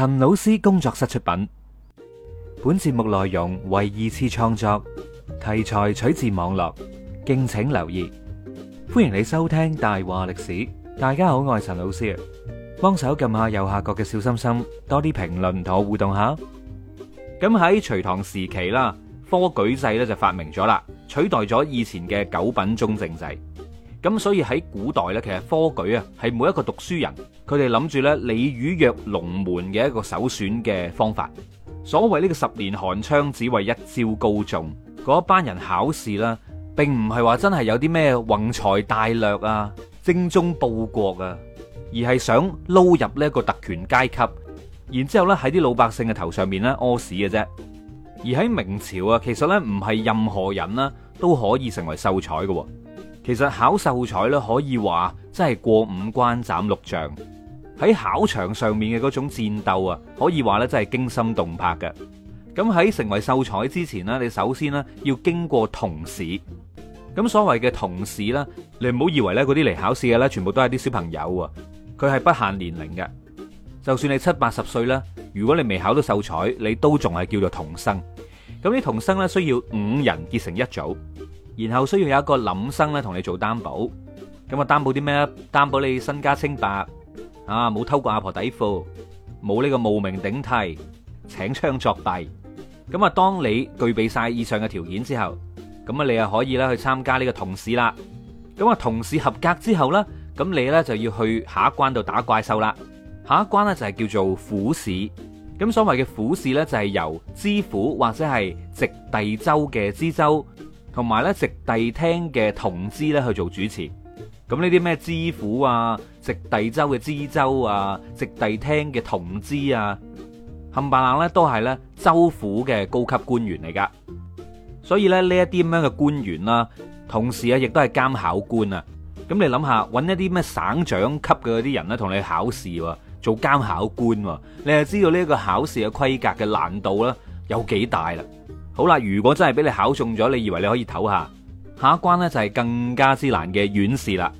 陳老師工作室出品，本節目內容為二次創作，題材取自網絡，敬請留意。歡迎你收聽《大話歷史》，大家好，我係陳老師。幫手撳下右下角嘅小心心，多啲評論同我互動下。咁喺隋唐時期啦，科舉制咧就發明咗啦，取代咗以前嘅九品中正制。咁所以喺古代呢，其實科舉啊，係每一個讀書人佢哋諗住呢，鯉魚躍龍門嘅一個首選嘅方法。所謂呢個十年寒窗只為一朝高中，嗰一班人考試啦，並唔係話真係有啲咩宏才大略啊、精忠報國啊，而係想撈入呢個特權階級，然之後呢喺啲老百姓嘅頭上面呢，屙屎嘅啫。而喺明朝啊，其實呢，唔係任何人啦都可以成為秀才嘅。其實考秀才咧，可以話真係過五關斬六將，喺考場上面嘅嗰種戰鬥啊，可以話咧真係驚心動魄嘅。咁喺成為秀才之前咧，你首先咧要經過童試。咁所謂嘅童試，你唔好以為咧嗰啲嚟考試嘅咧，全部都係啲小朋友啊，佢係不限年齡嘅。就算你七八十歲啦，如果你未考到秀才，你都仲係叫做童生。咁啲童生咧需要五人結成一組。然後需要有一個廩生咧同你做擔保，咁啊擔保啲咩？擔保你身家清白，啊冇偷過阿婆底褲，冇呢個冒名頂替、請槍作弊。咁啊，當你具備晒以上嘅條件之後，咁啊你就可以去參加呢個童試啦。咁啊童試合格之後呢，咁你呢就要去下一關度打怪獸啦。下一關呢就係叫做府試。咁所謂嘅府試呢，就係由知府或者係直隸州嘅知州，同埋咧，直隸廳嘅同知咧去做主持，咁呢啲咩知府啊，直隸州嘅知州啊，直隸廳嘅同知啊，冚唪唥咧都係咧州府嘅高級官員嚟噶，所以咧呢一啲咁樣嘅官員啦，同時啊亦都係監考官啊，咁你諗下，搵一啲咩省長級嘅嗰啲人同你考試做監考官，你就知道呢一個考試嘅規格嘅難度啦，有幾大啦。好啦，如果真係俾你考中咗，你以為你可以唞下，下一關呢，就係更加之難嘅院士啦。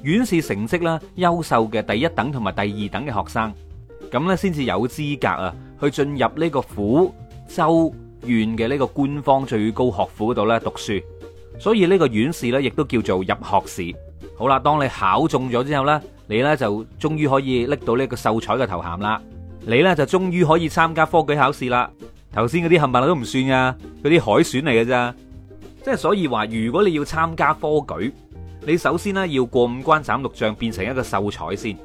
院試成績啦，優秀嘅第一等同埋第二等嘅學生，咁呢，先至有資格啊，去進入呢個府州縣嘅呢個官方最高學府嗰度呢讀書。所以呢個院試呢，亦都叫做入學試。好啦，當你考中咗之後呢，你呢就終於可以拎到呢個秀才嘅頭銜啦，你呢就終於可以參加科舉考試啦。頭先嗰啲冚唪唥都唔算呀，嗰啲海選嚟嘅咋。即係所以話如果你要參加科舉，你首先呢要過五關斬六將，變成一個秀才先。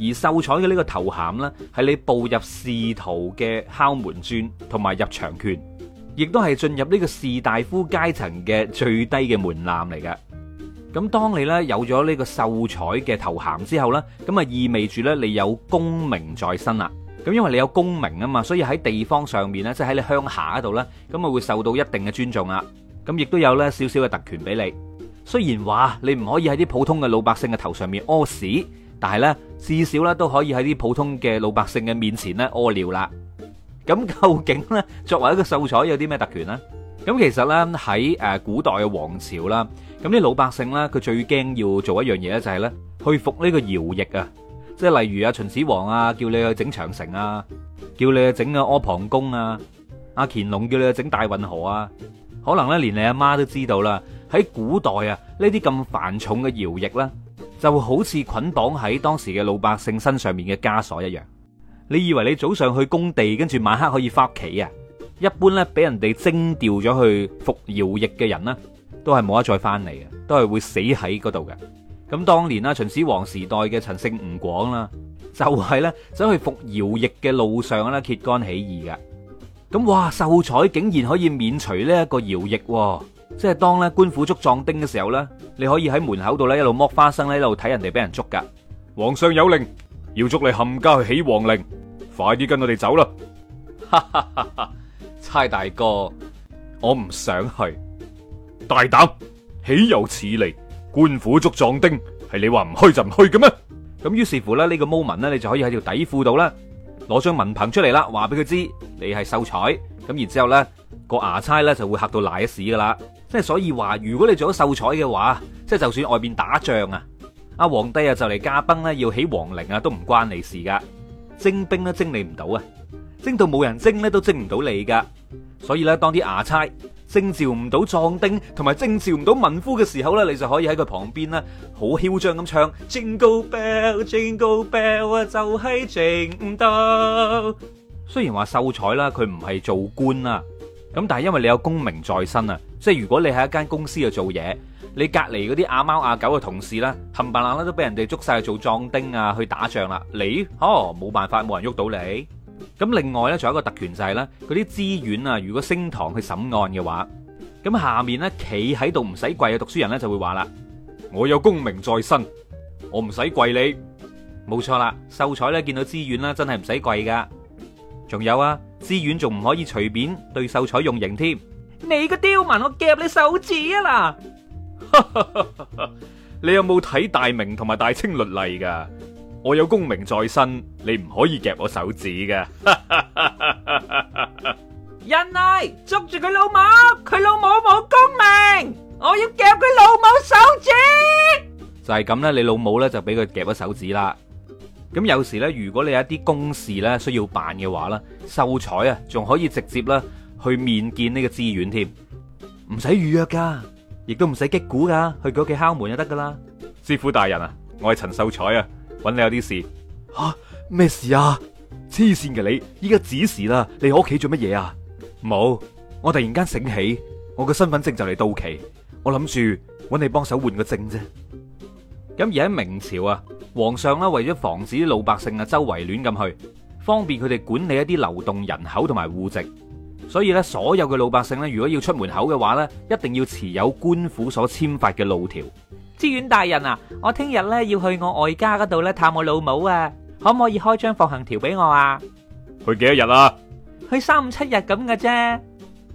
而秀才嘅呢個頭銜呢，係你步入仕途嘅敲門磚同埋入場券，亦都係進入呢個士大夫階層嘅最低嘅門檻嚟嘅。咁當你呢有咗呢個秀才嘅頭銜之後呢，咁啊，意味住呢，你有功名在身啦。咁因為你有功名啊嘛，所以喺地方上面咧，即係喺你鄉下嗰度咧，咁啊會受到一定嘅尊重啦。咁亦都有咧少少嘅特權俾你。雖然話你唔可以喺啲普通嘅老百姓嘅頭上面屙屎，但係咧至少咧都可以喺啲普通嘅老百姓嘅面前咧屙尿啦。咁究竟咧作為一個秀才有啲咩特權呢？咁其實咧喺誒古代嘅皇朝啦，咁啲老百姓咧佢最驚要做一樣嘢咧，就係咧去服呢個徭役啊！即係例如啊，秦始皇啊，叫你去整長城啊，叫你去整阿阿房宮啊，阿、啊、乾隆叫你去整大運河啊，可能咧連你阿媽都知道啦。喺古代啊，呢啲咁繁重嘅徭役啦就好似捆綁喺當時嘅老百姓身上面嘅枷鎖一樣。你以為你早上去工地，跟住晚黑可以翻屋企啊？一般咧俾人哋徵調咗去服徭役嘅人呢，都係冇得再翻嚟嘅，都係會死喺嗰度嘅。咁當年啦，秦始皇時代嘅陳勝吳廣啦，就係咧走去服徭役嘅路上啦，揭竿起義嘅。咁哇，秀才竟然可以免除呢一個徭役，即係當咧官府捉壯丁嘅時候咧，你可以喺門口度咧一路剝花生咧，一路睇人哋俾人捉噶。皇上有令，要捉你冚家去起皇陵，快啲跟我哋走啦！哈哈哈哈哈，差大哥，我唔想去。大膽，豈有此理！官府捉壯丁，係你話唔去就唔去嘅咩？咁於是乎咧，呢個 moment 咧，你就可以喺條底褲度啦，攞張文憑出嚟啦，話俾佢知你係秀才。咁然之後咧，個衙差咧就會嚇到瀨屎噶啦。即係所以話，如果你做咗秀才嘅話，即係就算外邊打仗啊，阿皇帝啊就嚟駕崩咧，要起皇陵啊，都唔關你事噶，徵兵都徵你唔到啊，徵到冇人徵咧都徵唔到你噶。所以咧，當啲衙差。徵召唔到壯丁同埋徵召唔到民夫嘅時候呢，你就可以喺佢旁邊呢，好囂張咁唱 Jingle Bell Jingle Bell 啊，就係徵唔到。雖然話秀才啦，佢唔係做官啦，咁但係因為你有功名在身啊，即係如果你喺一間公司度做嘢，你隔籬嗰啲阿貓阿狗嘅同事呢，冚唪唥咧都俾人哋捉晒去做壯丁啊，去打仗啦，你哦冇辦法，冇人喐到你。咁另外咧，仲有一個特權就係咧，嗰啲知縣啊，如果升堂去審案嘅話，咁下面咧企喺度唔使跪嘅讀書人咧，就會話啦：我有功名在身，我唔使跪你。冇錯啦，秀才咧見到知縣啦，真係唔使跪噶。仲有啊，知縣仲唔可以隨便對秀才用刑添？你個刁民，我夾你手指啊嗱！你有冇睇《大明》同埋《大清律例》噶？我有功名在身，你唔可以夾我手指㗎。人嚟捉住佢老母，佢老母冇功名，我要夾佢老母手指。就係咁咧，你老母咧就俾佢夾咗手指啦。咁有時咧，如果你有一啲公事咧需要辦嘅話咧，秀才啊，仲可以直接咧去面見呢個資源添，唔使預約噶，亦都唔使擊鼓噶，去佢屋企敲門就得噶啦。師傅大人啊，我係陳秀才啊。搵你有啲事，吓、啊、咩事啊？黐線嘅你，依家子時啦，你喺屋企做乜嘢啊？冇，我突然間醒起，我個身份證就嚟到期，我諗住搵你幫手換個證啫。咁而喺明朝啊，皇上啦為咗防止老百姓啊周圍亂咁去，方便佢哋管理一啲流動人口同埋戶籍，所以咧所有嘅老百姓咧，如果要出門口嘅話咧，一定要持有官府所簽發嘅路條。知縣大人啊，我聽日咧要去我外家嗰度咧探我老母啊，可唔可以開張放行條俾我啊？去幾多日啊？去三五七日咁嘅啫。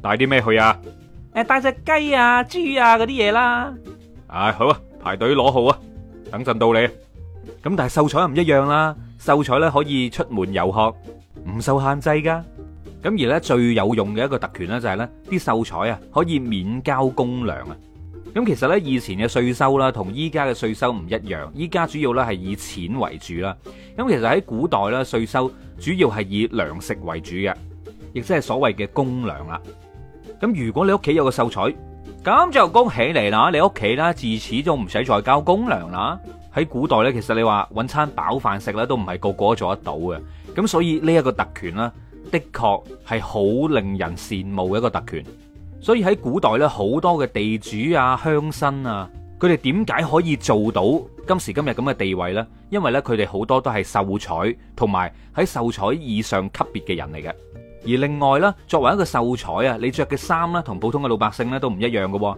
帶啲咩去啊？誒，帶隻雞啊、豬啊嗰啲嘢啦。唉，好啊，排隊攞號啊，等陣到你。咁但係秀才唔一樣啦，秀才咧可以出門遊學，唔受限制噶。咁而咧最有用嘅一個特權咧就係咧，啲秀才啊可以免交公糧啊。咁其實呢，以前嘅稅收啦，同依家嘅稅收唔一樣。依家主要呢係以錢為主啦。咁其實喺古代咧，稅收主要係以糧食為主嘅，亦即係所謂嘅公糧啦。咁如果你屋企有個秀才，咁就恭喜你啦！你屋企啦，自此都唔使再交公糧啦。喺古代呢，其實你話搵餐飽飯食呢，都唔係個個做得到嘅。咁所以呢，一個特權呢，的確係好令人羨慕嘅一個特權。所以喺古代咧，好多嘅地主啊、鄉紳啊，佢哋點解可以做到今時今日咁嘅地位呢？因為呢，佢哋好多都係秀才，同埋喺秀才以上級別嘅人嚟嘅。而另外呢，作為一個秀才啊，你着嘅衫呢，同普通嘅老百姓呢都唔一樣嘅。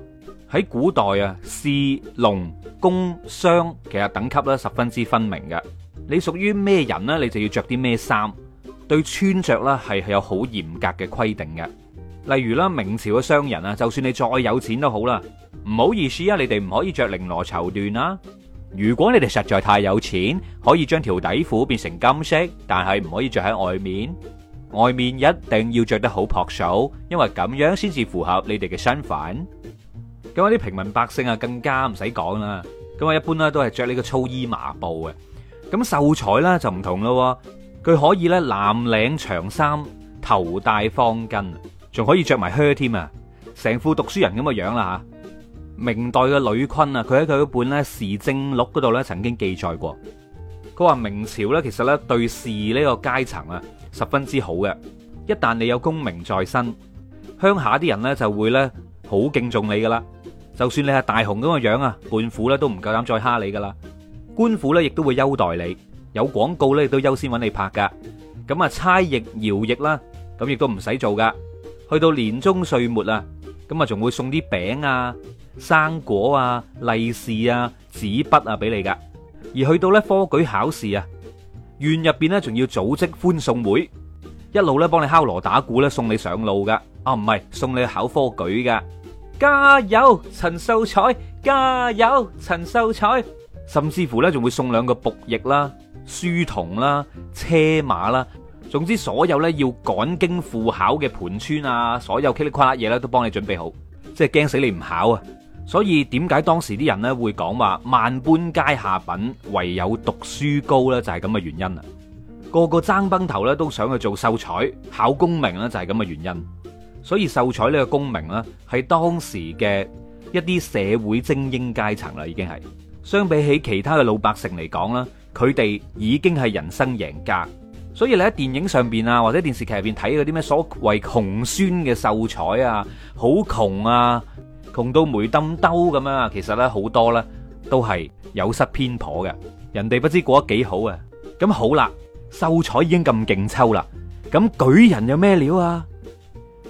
喺古代啊，士、農、工、商，其實等級咧十分之分明嘅。你屬於咩人呢，你就要着啲咩衫。對穿着呢係係有好嚴格嘅規定嘅。例如啦，明朝嘅商人啊，就算你再有錢都好啦，唔好意思啊，你哋唔可以着綾羅綢緞啦、啊。如果你哋實在太有錢，可以將條底褲變成金色，但係唔可以着喺外面。外面一定要着得好樸素，因為咁樣先至符合你哋嘅身份。咁啲平民百姓啊，更加唔使講啦。咁啊，一般呢都係着呢個粗衣麻布嘅。咁秀才呢，就唔同咯，佢可以呢，藍領長衫，頭戴方巾。仲可以着埋靴添啊！成副讀書人咁嘅樣啦吓。明代嘅呂坤啊，佢喺佢嘅本咧《時政錄》嗰度咧，曾經記載過佢話明朝咧，其實咧對士呢個階層啊，十分之好嘅。一旦你有功名在身，鄉下啲人咧就會咧好敬重你噶啦。就算你係大雄咁嘅樣啊，胖虎咧都唔夠膽再蝦你噶啦。官府咧亦都會優待你，有廣告咧亦都優先搵你拍噶。咁啊，差役、徭役啦，咁亦都唔使做噶。去到年終歲末啊，咁啊仲會送啲餅啊、生果啊、利是啊、紙筆啊俾你噶。而去到咧科舉考試啊，院入邊咧仲要組織歡送會，一路咧幫你敲鑼打鼓咧送你上路噶。啊，唔係送你去考科舉噶，加油陳秀彩！加油陳秀彩！甚至乎咧仲會送兩個僕役啦、書童啦、車馬啦。總之，所有咧要趕京赴考嘅盤村啊，所有嘰哩瓜啦嘢咧，都幫你準備好，即係驚死你唔考啊！所以點解當時啲人咧會講話，萬般皆下品，唯有讀書高呢？就係咁嘅原因啊！個個爭崩頭咧，都想去做秀才考功名呢，就係咁嘅原因。所以秀才呢個功名呢，係當時嘅一啲社會精英階層啦，已經係相比起其他嘅老百姓嚟講啦，佢哋已經係人生贏家。所以你喺電影上邊啊，或者電視劇入邊睇嗰啲咩所謂窮酸嘅秀才啊，好窮啊，窮到煤氹兜咁樣啊，其實呢好多呢，都係有失偏頗嘅。人哋不知過得幾好啊！咁好啦，秀才已經咁勁抽啦，咁舉人有咩料啊？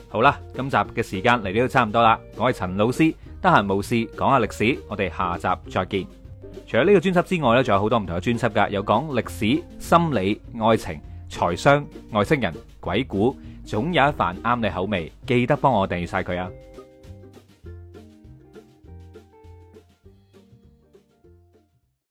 好啦，今集嘅時間嚟到都差唔多啦。我係陳老師，得閒無事講下歷史，我哋下集再見。除咗呢個專輯之外呢，仲有好多唔同嘅專輯噶，有講歷史、心理、愛情。財商、外星人、鬼故，總有一份啱你口味，記得幫我訂晒佢啊！